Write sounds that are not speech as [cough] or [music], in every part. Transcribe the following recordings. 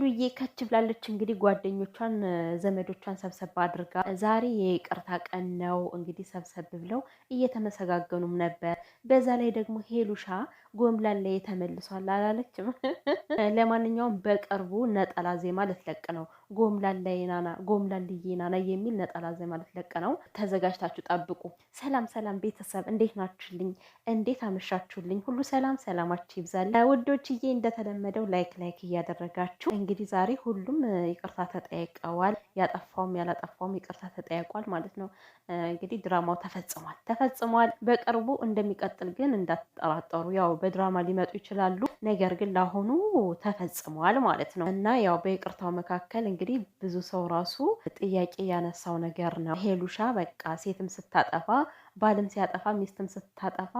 ሄሉዬ ከች ብላለች። እንግዲህ ጓደኞቿን ዘመዶቿን ሰብሰብ አድርጋ ዛሬ የይቅርታ ቀን ነው እንግዲህ ሰብሰብ ብለው እየተመሰጋገኑም ነበር። በዛ ላይ ደግሞ ሄሉሻ ጎምላን ላይ ተመልሷል አላለችም። [laughs] ለማንኛውም በቅርቡ ነጠላ ዜማ ልትለቅ ነው። ጎምላን ላይ ናና፣ ጎምላን ናና የሚል ነጠላ ዜማ ልትለቅ ነው። ተዘጋጅታችሁ ጠብቁ። ሰላም ሰላም ቤተሰብ እንዴት ናችሁልኝ? እንዴት አመሻችሁልኝ? ሁሉ ሰላም ሰላማችሁ ይብዛል ውዶችዬ። እንደተለመደው ላይክ ላይክ እያደረጋችሁ እንግዲህ ዛሬ ሁሉም ይቅርታ ተጠያይቀዋል። ያጠፋውም ያላጠፋውም ይቅርታ ተጠያይቋል ማለት ነው። እንግዲህ ድራማው ተፈጽሟል ተፈጽሟል። በቅርቡ እንደሚቀጥል ግን እንዳትጠራጠሩ ያው በድራማ ሊመጡ ይችላሉ። ነገር ግን ለአሁኑ ተፈጽመዋል ማለት ነው እና ያው በይቅርታው መካከል እንግዲህ ብዙ ሰው ራሱ ጥያቄ ያነሳው ነገር ነው። ሄሉሻ በቃ ሴትም ስታጠፋ ባልም ሲያጠፋ ሚስትም ስታጠፋ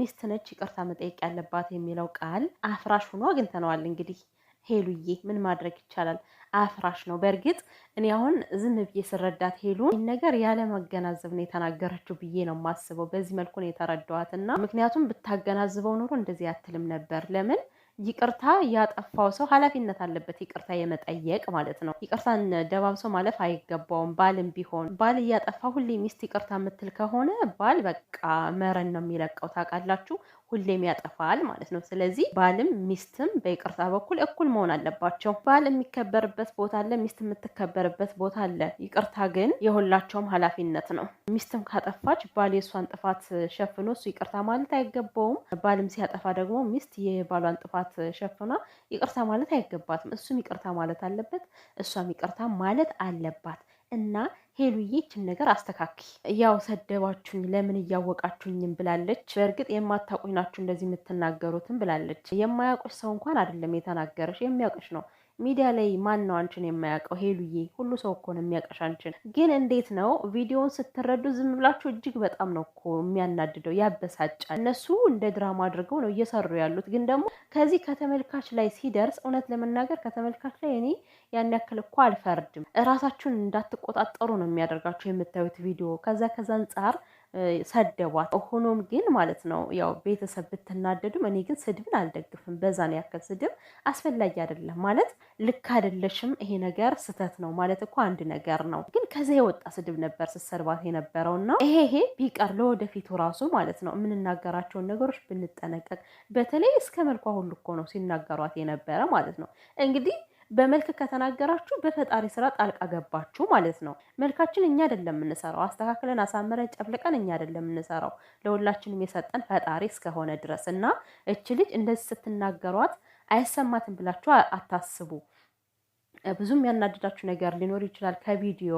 ሚስት ነች ይቅርታ መጠየቅ ያለባት የሚለው ቃል አፍራሽ ሆኖ አግኝተነዋል እንግዲህ ሄሉዬ ምን ማድረግ ይቻላል? አፍራሽ ነው። በእርግጥ እኔ አሁን ዝም ብዬ ስረዳት ይህን ነገር ያለመገናዘብ ነው የተናገረችው ብዬ ነው የማስበው። በዚህ መልኩ ነው የተረዳዋት እና ምክንያቱም ብታገናዝበው ኑሮ እንደዚህ አትልም ነበር። ለምን ይቅርታ ያጠፋው ሰው ኃላፊነት አለበት ይቅርታ የመጠየቅ ማለት ነው። ይቅርታን ደባብሶ ማለፍ አይገባውም። ባልም ቢሆን ባል እያጠፋ ሁሌ ሚስት ይቅርታ የምትል ከሆነ ባል በቃ መረን ነው የሚለቀው ታውቃላችሁ። ሁሌም ያጠፋል ማለት ነው። ስለዚህ ባልም ሚስትም በይቅርታ በኩል እኩል መሆን አለባቸው። ባል የሚከበርበት ቦታ አለ፣ ሚስት የምትከበርበት ቦታ አለ። ይቅርታ ግን የሁላቸውም ኃላፊነት ነው። ሚስትም ካጠፋች ባል የእሷን ጥፋት ሸፍኖ እሱ ይቅርታ ማለት አይገባውም። ባልም ሲያጠፋ ደግሞ ሚስት የባሏን ጥፋት ሸፍኗ ይቅርታ ማለት አይገባትም። እሱም ይቅርታ ማለት አለበት፣ እሷም ይቅርታ ማለት አለባት። እና ሄሉዬ ይችን ነገር አስተካኪ፣ ያው ሰደባችሁኝ ለምን እያወቃችሁኝም ብላለች። በእርግጥ የማታውቁኝ ናችሁ እንደዚህ የምትናገሩትም ብላለች። የማያውቁሽ ሰው እንኳን አይደለም የተናገረሽ የሚያውቅሽ ነው ሚዲያ ላይ ማን ነው አንቺን የማያውቀው? ሄሉዬ ሁሉ ሰው እኮ ነው የሚያውቀሽ አንቺን። ግን እንዴት ነው ቪዲዮውን ስትረዱ ዝም ብላችሁ? እጅግ በጣም ነው እኮ የሚያናድደው፣ ያበሳጫል። እነሱ እንደ ድራማ አድርገው ነው እየሰሩ ያሉት። ግን ደግሞ ከዚህ ከተመልካች ላይ ሲደርስ እውነት ለመናገር ከተመልካች ላይ እኔ ያን ያክል እኮ አልፈርድም። እራሳችሁን እንዳትቆጣጠሩ ነው የሚያደርጋችሁ የምታዩት ቪዲዮ ከዛ ከዛ አንጻር ሰደቧት። ሆኖም ግን ማለት ነው ያው ቤተሰብ ብትናደዱም እኔ ግን ስድብን አልደግፍም። በዛን ያክል ስድብ አስፈላጊ አይደለም ማለት ልክ አይደለሽም፣ ይሄ ነገር ስህተት ነው ማለት እኮ አንድ ነገር ነው። ግን ከዚያ የወጣ ስድብ ነበር ስትሰድባት የነበረውና ይሄ ይሄ ቢቀር ለወደፊቱ ራሱ ማለት ነው የምንናገራቸውን ነገሮች ብንጠነቀቅ፣ በተለይ እስከ መልኳ ሁሉ እኮ ነው ሲናገሯት የነበረ ማለት ነው እንግዲህ በመልክ ከተናገራችሁ በፈጣሪ ስራ ጣልቃ ገባችሁ ማለት ነው። መልካችን እኛ አይደለም የምንሰራው፣ አስተካክለን አሳምረን ጨፍልቀን እኛ አይደለም የምንሰራው፣ ለሁላችንም የሰጠን ፈጣሪ እስከሆነ ድረስ እና እች ልጅ እንደዚህ ስትናገሯት አይሰማትም ብላችሁ አታስቡ። ብዙም ያናደዳችሁ ነገር ሊኖር ይችላል ከቪዲዮ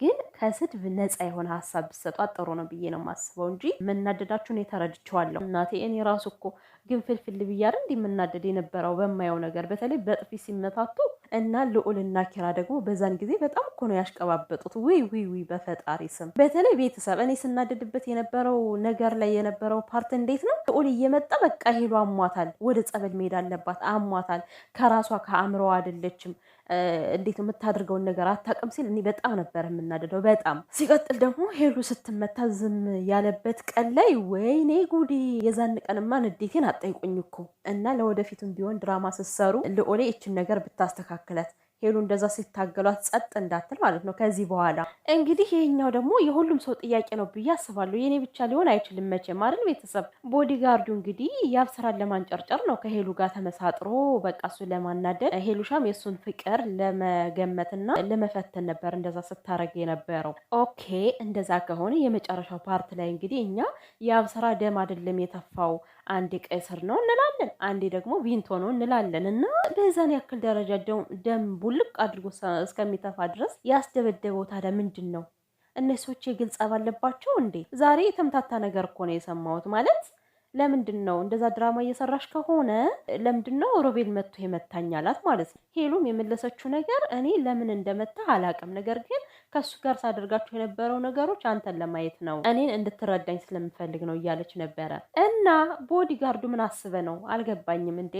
ግን ከስድብ ነፃ የሆነ ሀሳብ ብትሰጧት ጥሩ ነው ብዬ ነው የማስበው እንጂ የምናደዳችሁ እኔ ተረድቼዋለሁ። እናቴ እኔ ራሱ እኮ ግን ፍልፍል ብያር እንዲ የምናደድ የነበረው በማየው ነገር በተለይ በጥፊ ሲመታቱ እና ልዑልና ኪራ ደግሞ በዛን ጊዜ በጣም እኮ ነው ያሽቀባበጡት። ውይ ውይ ውይ፣ በፈጣሪ ስም በተለይ ቤተሰብ እኔ ስናደድበት የነበረው ነገር ላይ የነበረው ፓርት እንዴት ነው ልዑል እየመጣ በቃ ሄሎ አሟታል፣ ወደ ጸበል መሄድ አለባት አሟታል፣ ከራሷ ከአእምሮ አይደለችም እንዴት የምታደርገውን ነገር አታውቅም ሲል እኔ በጣም ነበር የምናደደው። በጣም ሲቀጥል ደግሞ ሄሉ ስትመታ ዝም ያለበት ቀን ላይ ወይኔ ጉዴ! የዛን ቀንማ ንዴቴን አጠይቁኝ እኮ እና ለወደፊቱም ቢሆን ድራማ ስትሰሩ ልኦሌ ይችን ነገር ብታስተካክለት ሄሉ እንደዛ ሲታገሏት ጸጥ እንዳትል ማለት ነው። ከዚህ በኋላ እንግዲህ ይሄኛው ደግሞ የሁሉም ሰው ጥያቄ ነው ብዬ አስባለሁ። የኔ ብቻ ሊሆን አይችልም መቼም አይደል ቤተሰብ። ቦዲጋርዱ እንግዲህ ያብስራን ለማንጨርጨር ነው ከሄሉ ጋር ተመሳጥሮ በቃ እሱ ለማናደድ ሄሉሻም የእሱን ፍቅር ለመገመትና ለመፈተን ነበር እንደዛ ስታረግ የነበረው። ኦኬ እንደዛ ከሆነ የመጨረሻው ፓርት ላይ እንግዲህ እኛ የአብስራ ደም አይደለም የተፋው አንዴ ቀይ ስር ነው እንላለን፣ አንዴ ደግሞ ቪንቶ ነው እንላለን። እና በዛን ያክል ደረጃ ደም ቡልቅ አድርጎ እስከሚተፋ ድረስ ያስደበደበው ታዲያ ምንድን ነው? እነሶች ግልጽ ባለባቸው እንዴ? ዛሬ የተምታታ ነገር እኮ ነው የሰማሁት ማለት ለምንድን ነው እንደዛ ድራማ እየሰራሽ ከሆነ ለምንድን ነው ሮቤል መጥቶ የመታኝ አላት ማለት ነው። ሄሉም የመለሰችው ነገር እኔ ለምን እንደመታ አላቅም፣ ነገር ግን ከእሱ ጋር ሳደርጋቸው የነበረው ነገሮች አንተን ለማየት ነው፣ እኔን እንድትረዳኝ ስለምፈልግ ነው እያለች ነበረ። እና ቦዲ ምን አስበ ነው አልገባኝም። እንዴ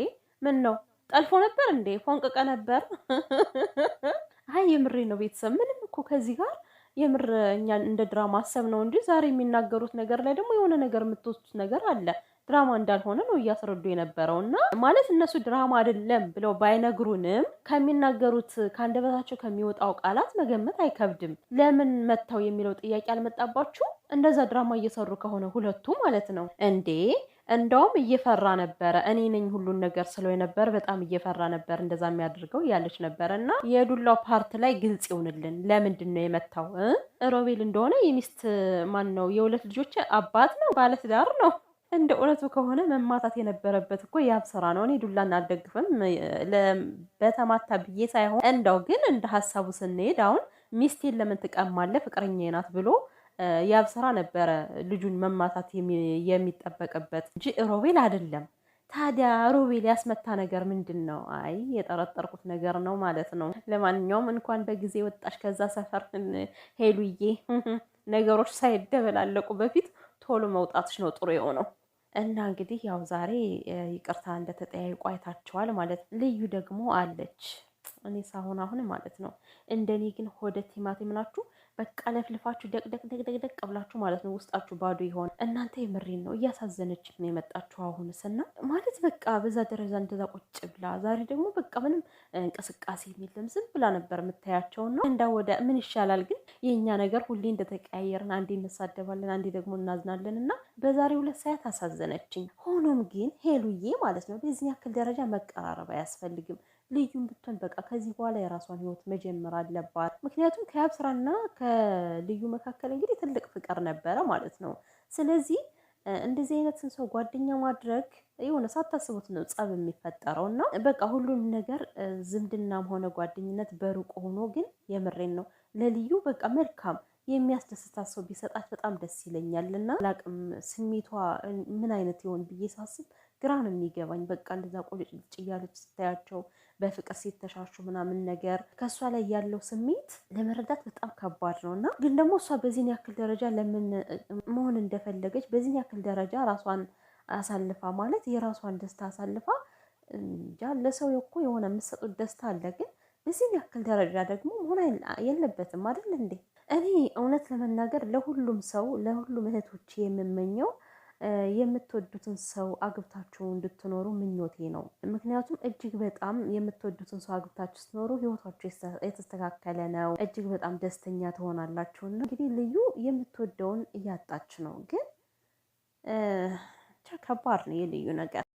ምን ነው ጠልፎ ነበር እንዴ? ፎንቅቀ ነበር? [laughs] አይ የምሬ ነው ቤተሰብ። ምንም እኮ ከዚህ ጋር የምር እኛ እንደ ድራማ አሰብ ነው እንጂ ዛሬ የሚናገሩት ነገር ላይ ደግሞ የሆነ ነገር የምትወስዱት ነገር አለ። ድራማ እንዳልሆነ ነው እያስረዱ የነበረው እና ማለት እነሱ ድራማ አይደለም ብለው ባይነግሩንም ከሚናገሩት ከአንደበታቸው ከሚወጣው ቃላት መገመት አይከብድም። ለምን መጥተው የሚለው ጥያቄ አልመጣባችሁ? እንደዛ ድራማ እየሰሩ ከሆነ ሁለቱ ማለት ነው እንዴ እንደውም እየፈራ ነበረ። እኔ ነኝ ሁሉን ነገር ስለው የነበር በጣም እየፈራ ነበር እንደዛ የሚያደርገው ያለች ነበረ እና የዱላው ፓርት ላይ ግልጽ ይሆንልን። ለምንድን ነው የመታው? ሮቤል እንደሆነ የሚስት ማን ነው የሁለት ልጆች አባት ነው፣ ባለትዳር ነው። እንደ እውነቱ ከሆነ መማታት የነበረበት እኮ ያብ ስራ ነው። እኔ ዱላን አልደግፍም በተማታ ብዬ ሳይሆን እንደው ግን እንደ ሀሳቡ ስንሄድ አሁን ሚስቴን ለምን ትቀማለህ ፍቅረኛ ናት ብሎ ያብ ስራ ነበረ ልጁን መማታት የሚጠበቅበት እንጂ ሮቤል አይደለም። ታዲያ ሮቤል ያስመታ ነገር ምንድን ነው? አይ የጠረጠርኩት ነገር ነው ማለት ነው። ለማንኛውም እንኳን በጊዜ ወጣሽ ከዛ ሰፈር ሄሉዬ። ነገሮች ሳይደበላለቁ በፊት ቶሎ መውጣትሽ ነው ጥሩ የሆነው። እና እንግዲህ ያው ዛሬ ይቅርታ እንደተጠያየቁ አይታችኋል ማለት ልዩ ደግሞ አለች እኔ ሳሆን አሁን ማለት ነው። እንደኔ ግን ሆደ ቲማቲም ናችሁ። በቃ ለፍልፋችሁ ደቅደቅደቅደቅደቅ ደቅደቅ ብላችሁ ማለት ነው። ውስጣችሁ ባዶ ይሆን እናንተ። የምሬን ነው። እያሳዘነች ነው የመጣችሁ አሁን ስና ማለት በቃ በዛ ደረጃ እንደዛ ቁጭ ብላ፣ ዛሬ ደግሞ በቃ ምንም እንቅስቃሴ የለም። ዝም ብላ ነበር የምታያቸውን ነው እንዳ ወደ ምን ይሻላል ግን የእኛ ነገር ሁሌ እንደተቀያየርን አንዴ እንሳደባለን፣ አንዴ ደግሞ እናዝናለን እና በዛሬ ሁለት ሰዓት አሳዘነችኝ። ሆኖም ግን ሄሉዬ ማለት ነው በዚህ ያክል ደረጃ መቀራረብ አያስፈልግም። ልዩም ብትሆን በቃ ከዚህ በኋላ የራሷን ህይወት መጀመር አለባት። ምክንያቱም ከያብ ስራና ከልዩ መካከል እንግዲህ ትልቅ ፍቅር ነበረ ማለት ነው። ስለዚህ እንደዚህ አይነትን ሰው ጓደኛ ማድረግ የሆነ ሳታስቡት ነው ጸብ የሚፈጠረው። እና በቃ ሁሉም ነገር ዝምድናም ሆነ ጓደኝነት በሩቅ ሆኖ ግን የምሬን ነው ለልዩ በቃ መልካም የሚያስደስታት ሰው ቢሰጣት በጣም ደስ ይለኛል። እና ላቅም ስሜቷ ምን አይነት ይሆን ብዬ ሳስብ ግራ ነው የሚገባኝ። በቃ እንደዛ ቆጭጭ እያለች ስታያቸው በፍቅር ሲተሻሹ ምናምን ነገር ከእሷ ላይ ያለው ስሜት ለመረዳት በጣም ከባድ ነው እና ግን ደግሞ እሷ በዚህን ያክል ደረጃ ለምን መሆን እንደፈለገች በዚህን ያክል ደረጃ ራሷን አሳልፋ ማለት የራሷን ደስታ አሳልፋ እንጃ ለሰው እኮ የሆነ የምትሰጡት ደስታ አለ ግን በዚህን ያክል ደረጃ ደግሞ መሆን የለበትም አይደል እንዴ እኔ እውነት ለመናገር ለሁሉም ሰው ለሁሉም እህቶች የምመኘው የምትወዱትን ሰው አግብታችሁ እንድትኖሩ ምኞቴ ነው። ምክንያቱም እጅግ በጣም የምትወዱትን ሰው አግብታችሁ ስትኖሩ ህይወታችሁ የተስተካከለ ነው። እጅግ በጣም ደስተኛ ትሆናላችሁና እንግዲህ ልዩ የምትወደውን እያጣች ነው፣ ግን ከባድ ነው የልዩ ነገር።